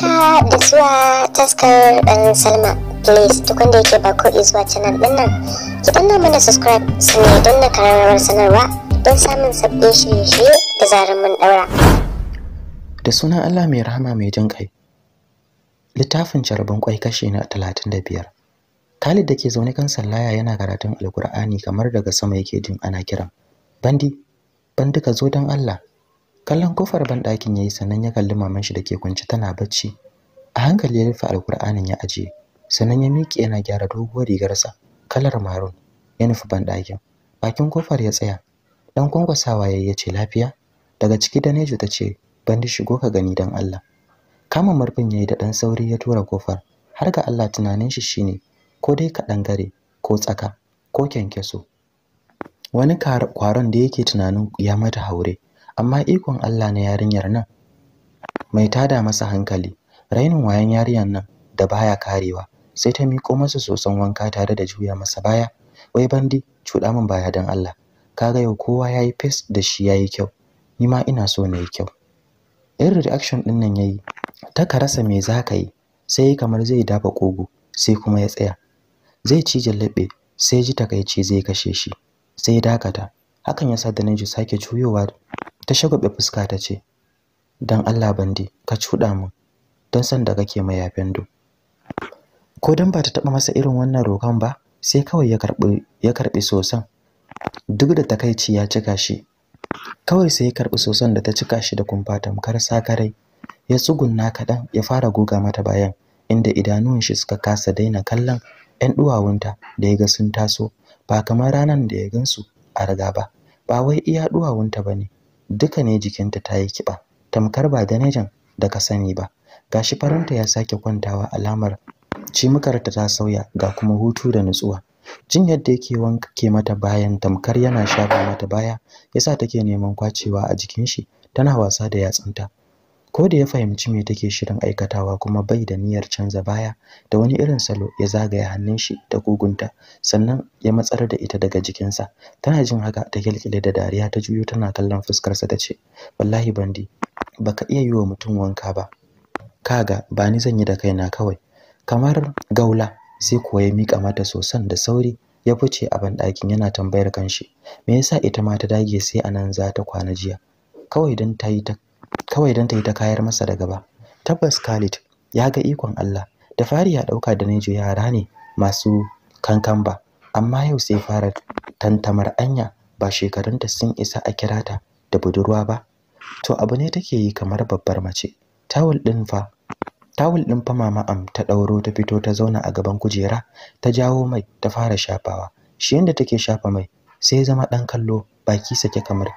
haka da zuwa taskar dan salma please duk wanda yake ba ko zuwa canal din nan ki danna mana subscribe su ne don na kararrawar sanarwa don samun sabbin shirye-shirye da zarar mun daura da sunan allah mai rahama mai jin kai littafin jarabin kwai kashi na talatin da biyar. Khalid da ke zaune kan sallaya yana karatun alkur'ani kamar daga sama yake jin ana kiran bandi ban duka zo don Allah kallon kofar banɗakin ya yi sannan ya kalli maman shi da ke kwance tana bacci a hankali ya rufe alkur'anin ya ajiye sannan ya miƙe yana gyara doguwar rigarsa kalar maroon ya nufi banɗakin bakin kofar ya tsaya dan kwankwasawa ya ce lafiya daga ciki danejo ta ce ban bandi shigo ka gani dan Allah kama murfin yi da ɗan sauri ya tura kofar har ga Allah tunanin shi shine ko dai kaɗan gare ko tsaka ko kyankyaso wani kwaron da yake tunanin ya mata haure amma ikon Allah na yarinyar nan mai tada masa hankali rainin wayan yarinyar nan da baya karewa sai ta miƙo masa soson wanka tare da juya masa baya wai bandi cuɗa min baya dan Allah kaga yau kowa yayi face da shi yayi kyau ni ma ina so na yi kyau irin reaction din nan yayi ta karasa me zaka yi sai kamar zai dafa kogo sai kuma ya tsaya zai ci jallabe sai ji takaici zai kashe shi sai dakata hakan ya sa, da naji sake juyowa ta shagwabe fuska ta ce dan Allah bandi ka cuda mu dan san da kake mai do ko dan ba ta taba masa irin wannan rokan ba sai kawai ya karbi ya karbi sosan duk da takaici ya cika shi kawai sai ya karbi sosan da ta cika shi da kumfa tamkar sakarai ya tsugunna kaɗan ya fara goga mata bayan inda idanun shi suka kasa daina kallon 'yan duwawunta da ya ga sun taso ba kamar ranar da ya gansu a riga ba ba wai iya duwawunta ba ne duka ne jikinta ta yi kiba tamkar ba danejan da ka sani ba Ga shi faranta ya sake kwantawa alamar cimukarta ta sauya ga kuma hutu da nutsuwa jin yadda yake wanke mata bayan tamkar yana shafa mata baya yasa take neman kwacewa a jikin shi tana wasa da yatsunta ko da ya fahimci me take shirin aikatawa kuma bai da niyyar canza baya da wani irin salo ya zagaya hannun shi da gugunta sannan ya matsar da ita daga jikinsa tana jin haka ta kilkile da dariya ta juyo tana kallon fuskarsa ta ce wallahi bandi baka iya yi wa mutum wanka ba kaga ba ni zan yi da kaina kawai kamar gaula sai kuwa ya mika mata sosan da sauri ya fice a banɗakin yana tambayar kanshi me yasa ita ma ta dage sai anan za ta kwana jiya kawai don ta yi ta kawai don ta yi ta kayar masa da gaba tabbas Khalid ya ga ikon Allah da fari ya dauka da Nejo yara ne masu kankamba amma yau sai fara tantamar anya ba shekarunta sun isa a kira ta da budurwa ba to abu ne take yi kamar babbar mace tawul din fa tawul din fa mama am ta dauro ta fito ta zauna a gaban kujera ta jawo mai ta fara shafawa shi yanda take shafa mai sai zama dan kallo baki sake kamar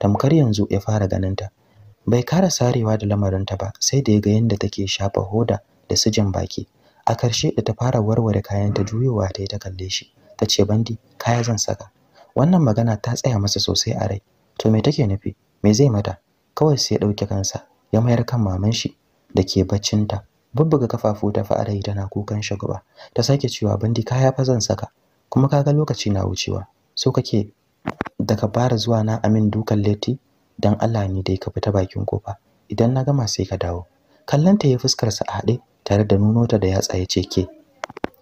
tamkar yanzu ya fara ganinta bai kara sarewa da lamarinta ba sai da ya ga yadda take shafa hoda da sijin baki a karshe da ta fara warware kayan ta juyowa ta yi ta kalle shi ta ce bandi kaya zan saka wannan magana ta tsaya masa sosai a rai to me take nufi me zai mata kawai sai ya ɗauki kansa ya mayar kan maman shi da ke baccinta bubbuga kafafu ta fa rai tana kukan shagaba ta sake cewa bandi kaya fa zan saka kuma kaga lokaci na wucewa so kake daga bara zuwa na amin dukan leti dan Allah ne dai ka fita bakin kofa idan na gama sai ka dawo Kallon ta yi fuskar sa a hade tare da nunota da yatsa ya ce ke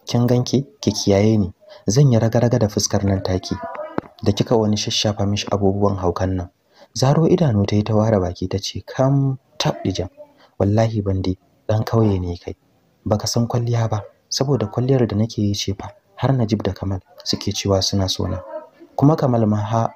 kin ganki ki kiyaye ni zan yi raga-raga da fuskar nan taki da kika wani shashafa mishi abubuwan haukan nan zaro idanu ta yi ta ware baki ta ce kam tab dijan wallahi Bande, dan kauye ne kai baka san kwalliya ba saboda kwalliyar da nake yi ce fa har Najib da Kamal suke cewa suna sona kuma Kamal ma ha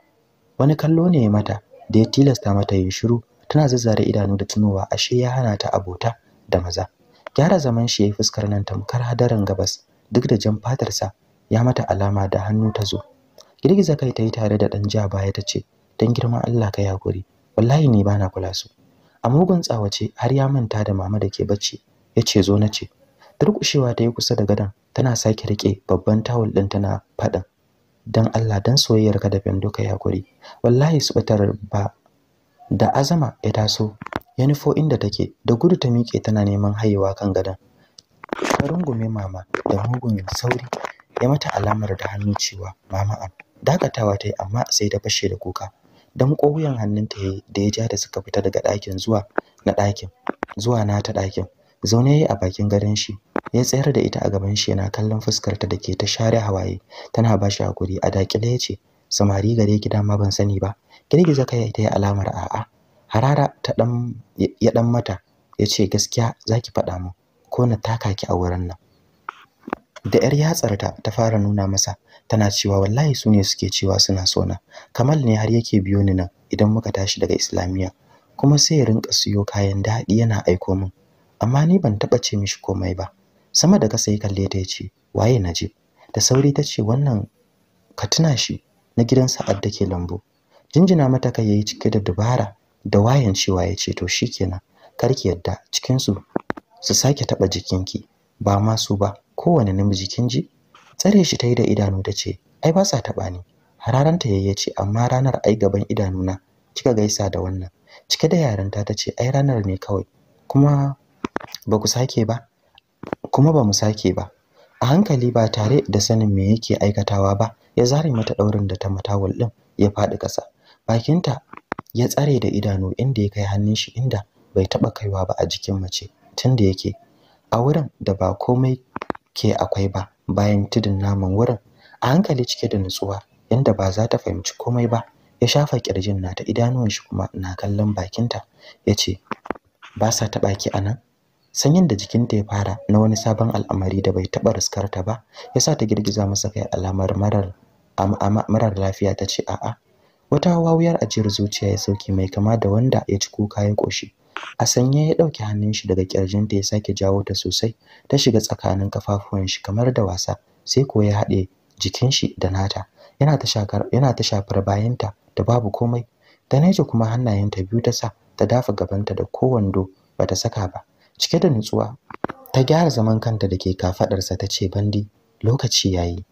wani kallo ne mata da ya tilasta mata yin shiru tana zazzare idanu da tunowa ashe ya hana ta abota da maza gyara zaman shi ya yi fuskar nan tamkar hadarin gabas duk da jan fatarsa ya mata alama da hannu ta zo girgiza kai ta yi tare da ɗan ja baya ta ce don girman Allah ka hakuri wallahi ni bana kula su a mugun tsawace har ya manta da mama da ke bacci ya ce zo na ce durƙushewa ta yi kusa da gadon tana sake riƙe babban tawul ɗin tana faɗin dan Allah dan soyayyarka da duka ya kuri, wallahi su batar ba da azama ya taso ya nufo inda take da gudu ta miƙe tana neman hayewa kan gadon ta rungume mama da mugun sauri ya mata alamar da hannu cewa mama am dakatawa ta yi amma sai ta fashe da kuka dan wuyan hannunta yayi da ya ja da suka fita daga ɗakin zuwa na ɗakin zuwa na ta ɗakin zaune yayi a bakin gadon shi ya tsayar da ita a gaban shi yana kallon fuskar ta dake ta share hawaye tana ba shi hakuri a dakile yace samari gare ki ma ban sani ba girgiza kai ta yi alamar a'a harara ta dan ya dan mata yace gaskiya zaki faɗa mu ko na taka ki a wurin nan da yar yatsarta ta fara nuna masa tana cewa wallahi sune suke cewa suna sona kamal ne har yake biyo ni nan idan muka tashi daga islamiyya kuma sai ya rinka siyo kayan daɗi yana aiko min amma ni ban taɓa ce mishi komai ba sama da kasa ya kalle ta yace, ce waye najib da sauri ta ce wannan ka tuna shi na gidan sa'ad da ke lambu jinjina mata kai yayi cike da dubara da wayan cewa ya ce to kar ki yadda cikin su su sake taba jikinki ba ma su ba kowane namiji kin ji tsare shi ta yi da idanu ta ce ai ba sa taba ni hararanta yayi ce amma ranar ai gaban idanuna kika gaisa da wannan cike da yaranta ta ce ai ranar ne kawai kuma ba ku sake ba kuma ba mu sake ba a hankali ba tare da sanin me yake aikatawa ba ya zare mata daurin da ta matawul din ya faɗi ƙasa bakinta ya tsare da idanu inda ya kai hannun shi inda bai taba kaiwa ba a jikin mace tunda yake a wurin da ba komai ke akwai ba bayan tudun naman wurin a hankali cike da nutsuwa inda ba za ta fahimci komai ba ya shafa kirjin nata idanuwan shi kuma na kallon bakinta ya ce ba sa taba ki anan sanyin da jikinta ya fara na wani sabon al'amari da bai taɓa raskarta ba ya sa ta girgiza masa kai alamar marar marar lafiya ta ce a'a wata wawuyar ajiyar zuciya ya sauki mai kama da wanda ya ci kuka ya ƙoshi a sanye ya ɗauki hannun shi daga ƙirjinta ya sake jawo ta sosai ta shiga tsakanin kafafuwan shi kamar da wasa sai ko ya haɗe jikin shi da nata yana ta shakar yana ta shafar bayanta da babu komai da kuma hannayenta biyu ta sa ta dafa gabanta da ko wando bata saka ba cike da nutsuwa ta gyara zaman kanta da ke kafadarsa ta ce bandi lokaci ya yi.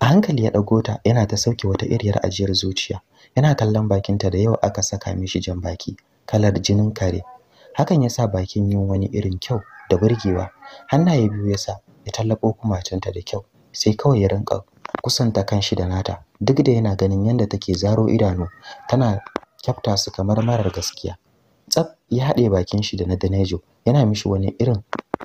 a hankali ya ɗago ta yana ta sauke wata iriyar ajiyar zuciya yana kallon bakinta da yawa aka saka mishi jan baki kalar jinin kare hakan ya sa bakin yin wani irin kyau da burgewa hannaye biyu ya sa ya tallabo kumacinta da kyau sai kawai ya rinka kusanta shi da nata duk da yana ganin yadda take zaro idanu tana kyafta su kamar marar gaskiya tsaf ya haɗe bakin shi da na danejo yana mishi wani irin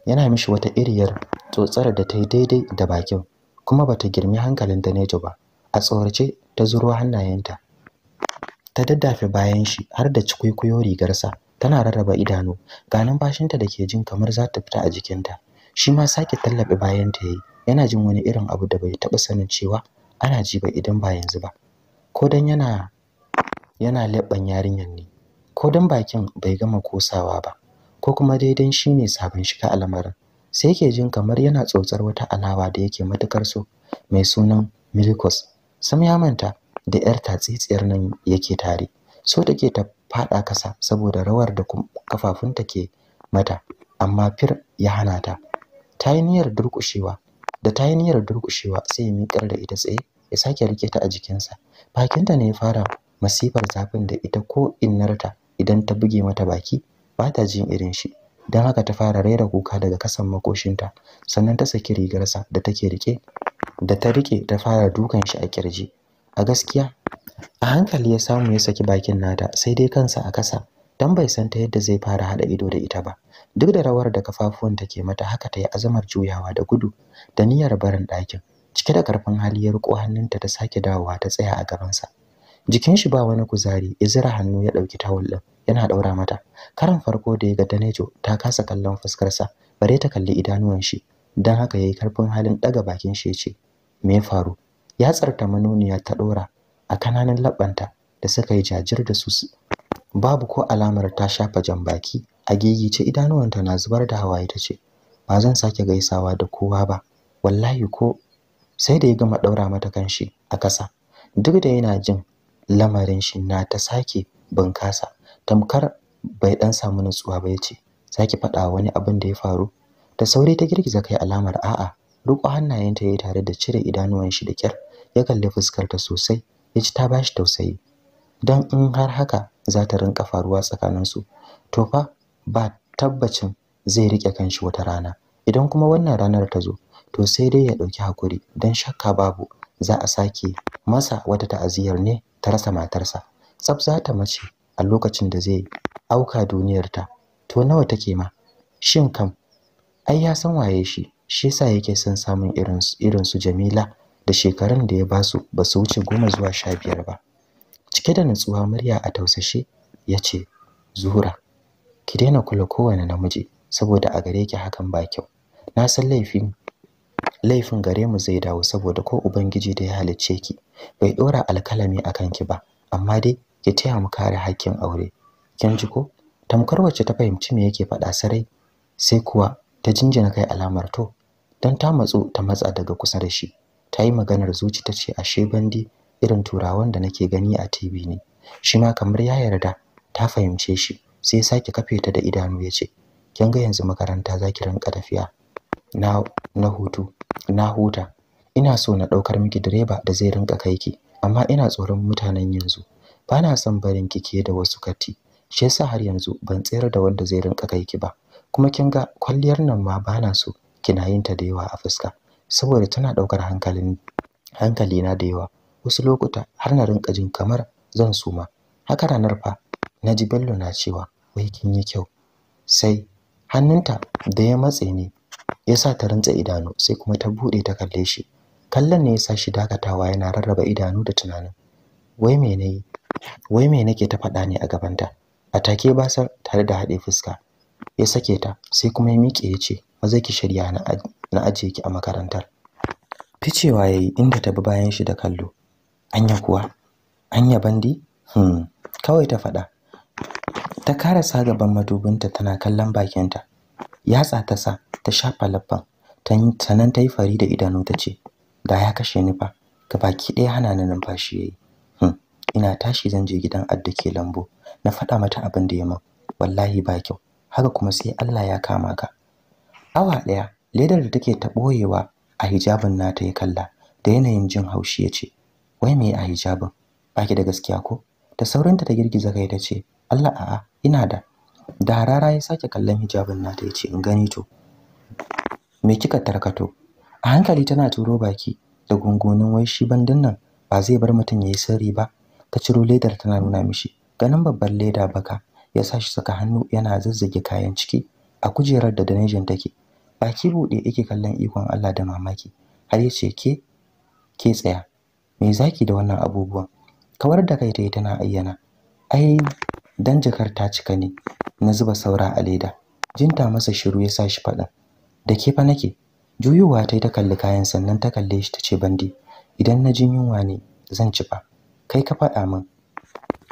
yana mishi wata iriyar tsotsar da ta yi daidai da bakin kuma bata girmi hankalin Danejo ba a tsorace ta zuro hannayenta ta daddafe bayan shi har da cikwaikwayo rigarsa tana rarraba idanu ga bashinta da ke jin kamar za ta fita a jikinta shi ma sake tallabe bayan ta yi, yana jin wani irin abu da bai taɓa sanin cewa ana ji ba idan ba yanzu ba ko dan yana yana leɓen yarinyar ne ko dan bakin bai gama kosawa ba ko kuma daidai shi ne sabon shiga al'amarin sai yake jin kamar yana tsotsar wata alawa da yake matukar so mai sunan milikos sam ya manta da yar tsitsiyar nan yake tare so take ta fada kasa saboda rawar da kafafunta ke mata amma fir ya hana ta ta yi niyyar durƙushewa da ta yi niyyar durƙushewa sai ya miƙar da ita tsaye ya sake rike ta a jikinsa bakinta ne ya fara masifar zafin da ita ko innarta idan ta buge mata baki ba ta jin irin shi don haka ta fara rera kuka daga kasan makoshinta sannan ta saki rigarsa da take rike da ta rike ta fara dukan shi a kirji a gaskiya a hankali ya samu ya saki bakin nata sai dai kansa a kasa dan bai san ta yadda zai fara hada ido da ita ba duk da rawar da kafafuwan take mata haka ta yi azamar juyawa da gudu da niyyar barin ɗakin cike da karfin hali ya riko hannunta ta sake dawowa ta tsaya a gabansa jikin shi ba wani kuzari izira hannu ya dauki tawul din yana daura mata karan farko da ya ga Danejo ta kasa kallon fuskar sa bare ta kalli idanuwan shi dan haka yayi karfin halin daga bakin shi yace me ya faru ya tsarta manoniya ta dora a kananan labbanta da suka yi jajir da su babu ko alamar ta shafa jan baki a idanuwan idanuwanta na zubar da hawaye tace ba zan sake gaisawa da kowa ba wallahi ko sai da ya gama daura mata kanshi a kasa duk da yana jin lamarin shi na ta sake bunkasa tamkar bai dan samu nutsuwa ba yace saki faɗa wani abin da ya faru da saurayi ta girgiza kai alamar a'a hannayen hannayenta yayi tare da cire idanuwan shi da kyar ya kalli fuskar ta sosai yace ta bashi tausayi dan in har haka za ta rinka faruwa tsakanin su to fa ba tabbacin zai rike kanshi wata rana idan kuma wannan ranar ta zo to sai dai ya dauki hakuri dan shakka babu za a sake masa wata ta'aziyar ne ta rasa matarsa tsaf za ta mace a lokacin da zai auka duniyarta to nawa take ma shin kam ai ya san waye shi shi yasa yake son samun irin su Jamila da shekarun da ya basu ba su wuce goma zuwa sha biyar ba cike da nutsuwa murya a tausashe ya ce zuhura ki daina kula kowane namiji saboda a gare ki hakan ba kyau na san laifin laifin gare mu zai dawo saboda ko ubangiji da ya halicce ki bai dora alkalami akan ki ba amma dai ki taya mu kare hakkin aure kin ji ko tamkar wacce ta fahimci me yake faɗa sarai sai kuwa ta jinjina kai alamar to dan ta matsu ta matsa daga kusa da shi ta yi maganar zuci ta ce ashe bandi irin turawan da nake gani a TV ne shi ma kamar ya yarda ta fahimce shi sai sake kafe ta da idanu ya ce kin ga yanzu makaranta za ki rinka tafiya na na na huta ina so na ɗaukar miki direba da zai rinka kai ki amma ina tsoron mutanen yanzu Ba na son barin ki ke da wasu kati shi yasa har yanzu ban tsayar da wanda zai rinka kai ki ba kuma kin ga kwalliyar nan ma ba na so kina yin ta da yawa a fuska saboda tana ɗaukar hankalin hankali na da yawa wasu lokuta har na rinka jin kamar zan suma haka ranar fa na ji bello na cewa wai kin yi kyau sai hannunta da ya matse ne. ya sa ta rantsa idanu sai kuma ta buɗe ta kalle shi kallon ne ya sa shi dakatawa yana rarraba idanu da tunanin wai me nayi wai me nake ta faɗa ne a gabanta a take basar tare da haɗe fuska ya sake ta sai kuma ya miƙe ya ce maza ki shirya na ajiye ki a makarantar ficewa yayi inda ta bi bayan shi da kallo anya kuwa anya bandi hmm kawai ta faɗa ta karasa gaban madubinta tana kallon bakinta yatsa ta sa ta shafa Ta sanan ta yi fari da idanu ta ce da ya kashe ni ba. Ka baki ɗaya hana ni numfashi yayi hmm, ina tashi zan je gidan adda ke lambu na faɗa mata abin da ya man wallahi ba kyau haka kuma sai Allah ya kama ka awa ɗaya ledar da take ta ɓoyewa a hijabin nata ya kalla da yanayin jin haushi ya ce wai me a hijabin ki da gaskiya ko da saurinta ta girgiza kai ta ce Allah a'a ina da da harara ya sake kallon hijabin nata ya ce in gani to me kika tarkato a hankali tana turo baki da gungunin wai shi bandin nan ba zai bar mutum yayi sirri ba ta ciro ledar tana nuna mishi ganin babban leda baka ya sa shi saka hannu yana zazzage kayan ciki a kujerar da danejin take baki buɗe yake kallon ikon Allah da mamaki har yace ke ke tsaya me zaki da wannan abubuwan kawar da kai tayi tana ayyana ai dan jakar ta cika ne na zuba saura a leda jinta masa shiru ya sa shi faɗa da ke fa nake juyuwa ta yi ta kalli kayan sannan ta kalle shi ta ce bandi idan na jin yunwa ne zan ci fa kai ka faɗa min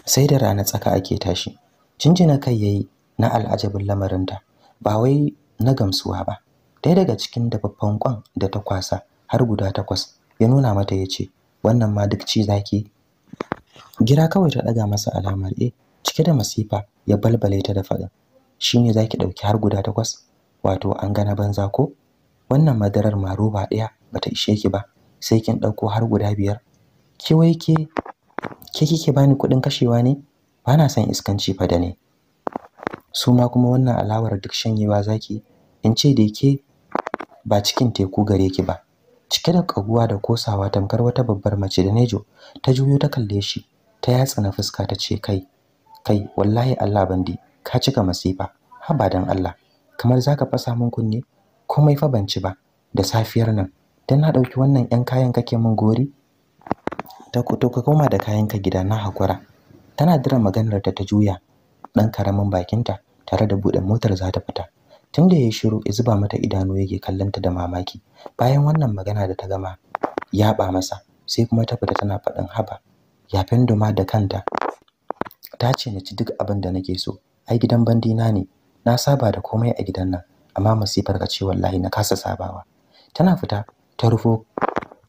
sai da rana tsaka ake tashi jinjina kai yayi na al'ajabin lamarinta ba wai na gamsuwa ba ɗaya daga cikin dafaffen kwan da ta kwasa har guda takwas ya nuna mata ya ce wannan ma duk ci zaki gira kawai ta ɗaga masa alamar e cike da masifa ya balbale ta da faɗin shine zaki ɗauki har guda takwas wato an gana banza ko wannan madarar ma roba ɗaya bata ishe ki ba sai kin ɗauko har guda biyar ki wai ke ke kike bani kuɗin kashewa ne ba na son iskanci fa da ne su ma kuma wannan alawar duk shanyewa zaki in ce da ke ba cikin teku gare ki ba cike da kaguwa da kosawa tamkar wata babbar mace da nejo ta juyo ta kalle shi ta yatsa na fuska ta ce kai kai wallahi Allah bandi ka cika masifa haba dan Allah kamar zaka fasa min kunne komai fa ban ci ba da safiyar nan dan na dauki wannan yan kayan kake min gori ta to ka koma da kayan ka gida na hakura tana dira maganar ta ta juya dan karamin bakinta tare da buɗe motar za ta fita tunda yayi shiru ya zuba mata idanu yake kallanta da mamaki bayan wannan magana da ta gama ba masa sai kuma ta fita tana faɗin haba fendo ma da kanta ta ce na ci duk abin da nake so ai gidan bandina ne na saba da komai a gidan nan amma masifar ka ce wallahi na kasa sabawa tana fita ta rufo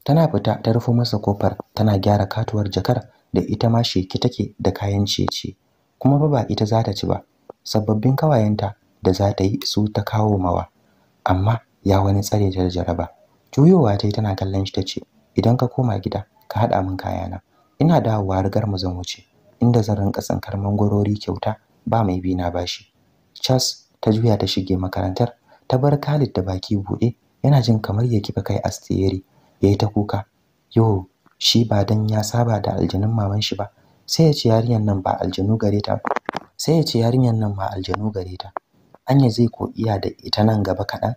tana fita ta rufo masa kofar tana gyara katuwar jakar da ita ma sheki take da kayan ciye-ciye kuma ba ba ita za ta ci ba sababbin kawayenta da za ta yi su ta kawo mawa amma ya wani tsare ta da jaraba juyowa ta yi tana kallon shi ta ce idan ka koma gida ka haɗa min kayana ina dawowa rigar mu zan wuce inda zan rinka tsinkar mangwarori kyauta ba mai bi na bashi cas ta juya ta shige makarantar ta bar Khalid da baki buɗe yana jin kamar ya kifa kai astiyeri yayi ta kuka yo shi ba dan ya saba da aljanun maman shi ba sai ya ce yarinyar nan ba aljanu gare ta sai ya ce yarinyar nan ba aljanu gare ta anya zai ko iya da ita nan gaba kaɗan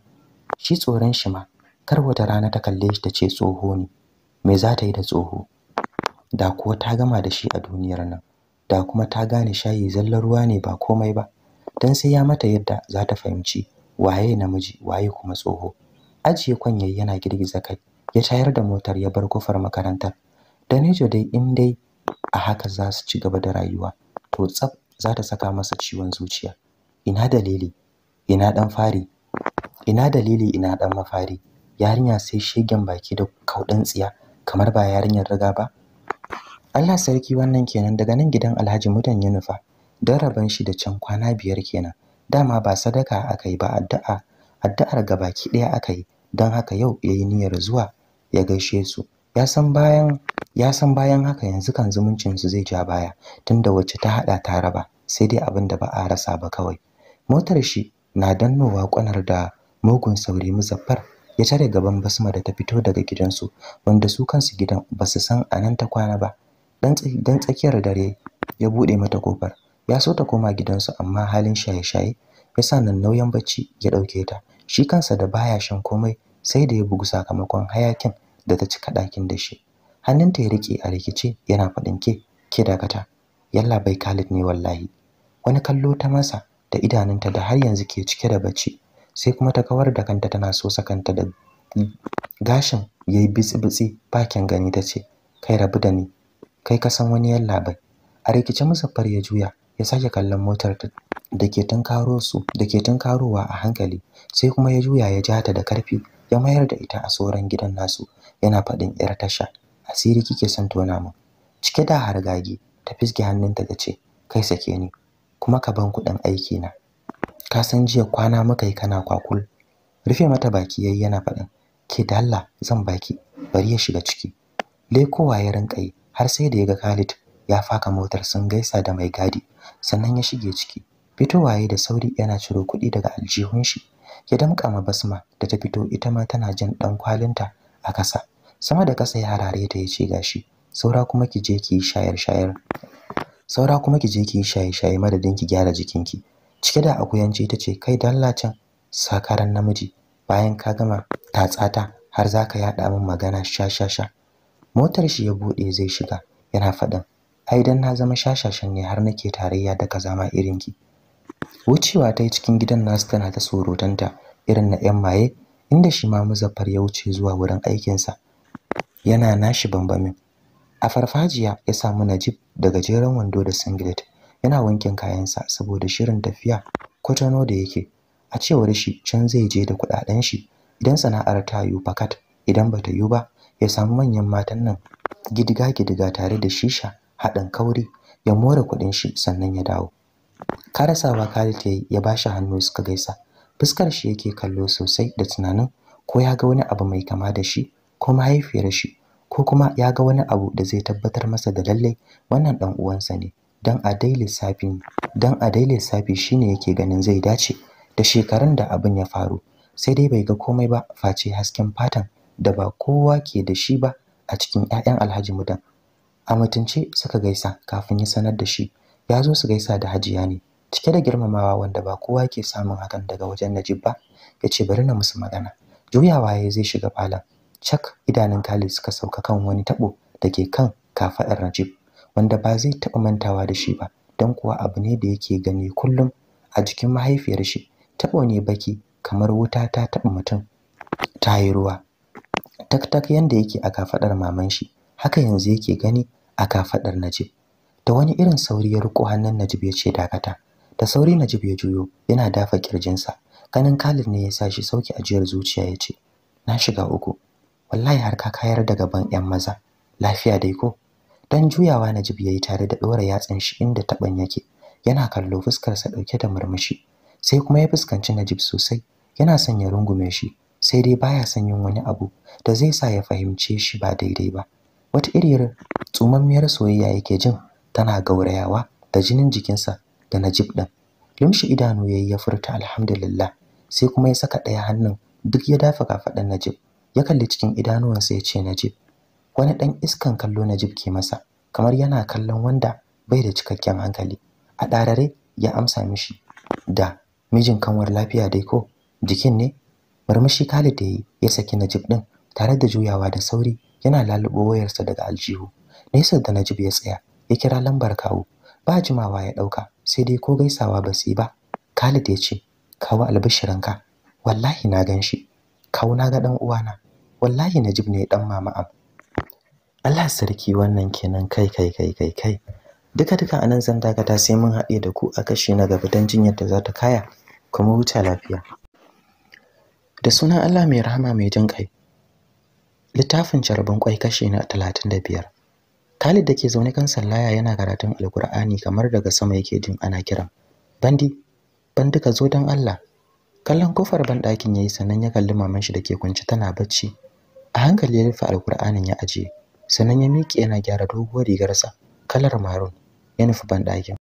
shi tsoron shi ma kar wata rana ta kalle shi ta ce tsoho ne me za ta yi da tsoho da kuwa ta gama da shi a duniyar nan da kuma ta gane shayi zallar ruwa ne ba komai ba dan sai ya mata yadda za ta fahimci waye namiji waye kuma tsoho ajiye kwanyar yana girgiza kai ya tayar da motar ya bar kofar makarantar danejo dai in dai a haka za su ci gaba da rayuwa to tsaf za ta saka masa ciwon zuciya ina dalili ina dan fari ina dalili ina dan mafari yarinya sai shegen baki da kaudan tsiya kamar ba yarinyar riga ba Allah sarki wannan kenan daga nan gidan Alhaji mutan Yunufa don rabon shi da can kwana biyar kenan dama ba sadaka aka yi ba addu'a addu'ar gabaki ɗaya aka yi don haka yau ya yi niyyar zuwa ya gaishe su ya san bayan ya san bayan haka yanzu kan zumuncin su zai ja baya tunda wacce ta haɗa ta raba sai dai abin da ba a rasa ba kawai motar shi na dannowa kwanar da mugun sauri muzaffar ya tare gaban basma da ta fito daga gidansu wanda su kansu gidan ba su san anan ta kwana ba dan tsakiyar dare ya buɗe mata kofar ya so ta koma gidansu amma halin shaye-shaye ya sa nan nauyin bacci ya ɗauke ta shi kansa da baya shan komai sai da ya bugu sakamakon hayakin da ta cika ɗakin da shi hannunta ya rike a rikice yana faɗin ke ke dakata yalla bai Khalid ne wallahi wani kallo ta masa da idanunta da har yanzu ke cike da bacci sai kuma ta kawar da kanta tana so sakanta da gashin yayi bitsi-bitsi bakin gani ta ce kai rabu da ni kai ka san wani yalla bai a rikice far ya juya ya sake kallon motar da ke tunkaro su da ke tunkarowa a hankali sai kuma ya juya ya ja ta da karfi ya mayar da ita a sauran gidan nasu yana faɗin yar tasha asiri kike son tona min cike da hargagi ta fiske hannunta da ce kai sake ni kuma ka ban kuɗin aiki na ka san jiya kwana muka yi kana kwakul rufe mata baki yayi yana faɗin ke da Allah zan baki bari ya shiga ciki lekowa ya rinka yi har sai da ya ga Khalid ya faka motar sun gaisa da mai gadi sannan ya shige ciki fitowaye da sauri yana ciro kuɗi daga aljihun shi ya damƙa ma basma da ta fito ita ma tana jin ɗan kwalinta a ƙasa sama da ƙasa ya harare ta ya ce gashi saura kuma ki je ki shayar shayar saura kuma ki je ki shaye shaye madadin ki gyara jikinki cike da akuyanci ta ce kai dallacin sakaran namiji bayan ka gama tatsata har za ka yaɗa min magana sha sha sha motar shi ya buɗe zai shiga yana faɗin ai dan na zama shashashan ne har nake tarayya da kazama irin ki wucewa ta yi cikin gidan nasu tana ta surutanta irin na yan maye inda shi ma muzaffar ya wuce zuwa wurin aikinsa yana nashi bambamin a farfajiya ya samu najib da gajeren wando da singlet yana wankin kayansa saboda shirin tafiya kwatano da yake a cewar shi can zai je da kudaden shi idan sana'ar ta yiwu fakat idan bata yiwu ba ya samu manyan matan nan gidiga gidiga tare da shisha haɗin kauri ya more kuɗin shi sannan ya dawo karasawa Khalid ya yi ya ba shi hannu suka gaisa fuskar shi yake kallo sosai da tunanin ko ya ga wani abu mai kama da shi ko mahaifiyar shi ko kuma ya ga wani abu da zai tabbatar masa da lallai wannan ɗan uwansa ne dan a dai lissafi dan a dai lissafi shine yake ganin zai dace da shekarun da abin ya faru sai dai bai ga komai ba face hasken fatan da ba kowa ke da shi ba a cikin 'ya'yan Alhaji Mudan a mutunce suka gaisa kafin ya sanar da shi ya zo su gaisa da hajiya ne cike da girmamawa wanda ba kowa ke samun hakan daga wajen najib ba ya ce bari na musu magana juyawa ya zai shiga falon cak idanun khalid suka sauka kan wani tabo da ke kan kafaɗar najib wanda ba zai taɓa mantawa da shi ba don kuwa abu ne da yake gani kullum a jikin mahaifiyar shi tabo ne baki kamar wuta ta taɓa mutum ta yi ruwa tak tak yanda yake a kafaɗar maman shi haka yanzu yake gani a kafadar Najib da wani irin sauri ya riko hannun Najib ya ce dakata da sauri Najib ya juyo yana dafa kirjinsa ganin Khalid ne ya sa shi sauki ajiyar zuciya ya ce na shiga uku wallahi har ka kayar da gaban yan maza lafiya dai ko dan juyawa Najib yayi tare da dora yatsan shi inda taban yake yana kallo fuskarsa ɗauke da murmushi sai kuma ya fuskanci Najib sosai yana son ya rungume shi sai dai baya son yin wani abu da zai sa ya fahimce shi ba daidai ba wata iriyar tsumammiyar soyayya yake jin tana gaurayawa da jinin jikinsa da najib ɗin lumshi idanu ya yi ya furta alhamdulillah sai kuma ya saka ɗaya hannun duk ya dafa kafaɗan najib ya kalli cikin idanuwansa ya ce najib wani ɗan iskan kallo najib ke masa kamar yana kallon wanda bai da cikakken hankali a ɗarare ya amsa mishi da mijin kanwar lafiya dai ko jikin ne murmushi Khalid da ya saki Najib ɗin, tare da juyawa da sauri yana lalubo wayarsa daga aljihu nesa da najib ya tsaya ya kira lambar kawo ba jimawa ya ɗauka sai dai ko gaisawa ba su ba khalid ya ce kawo albishirinka wallahi na gan shi kawo na ga ɗan uwana wallahi najib ne dan mama am Allah sarki wannan kenan kai kai kai kai kai duka duka anan zan dakata sai mun haɗe da ku a kashi na gaba don jinyar da za ta kaya kuma huta lafiya da suna Allah mai rahama mai jin kai littafin charbon kwai kashe na 35 Khalid da ke zaune kan sallaya yana karatun alkur'ani kamar daga sama yake jin ana kiran bandi bandi ka zo don Allah kallon kofar banɗakin yayi sannan ya kalli maman shi dake kunci tana bacci a hankali ya rufe alkur'anin ya ajiye sannan ya miƙe yana gyara doguwar rigarsa kalar marun ya nufi banɗakin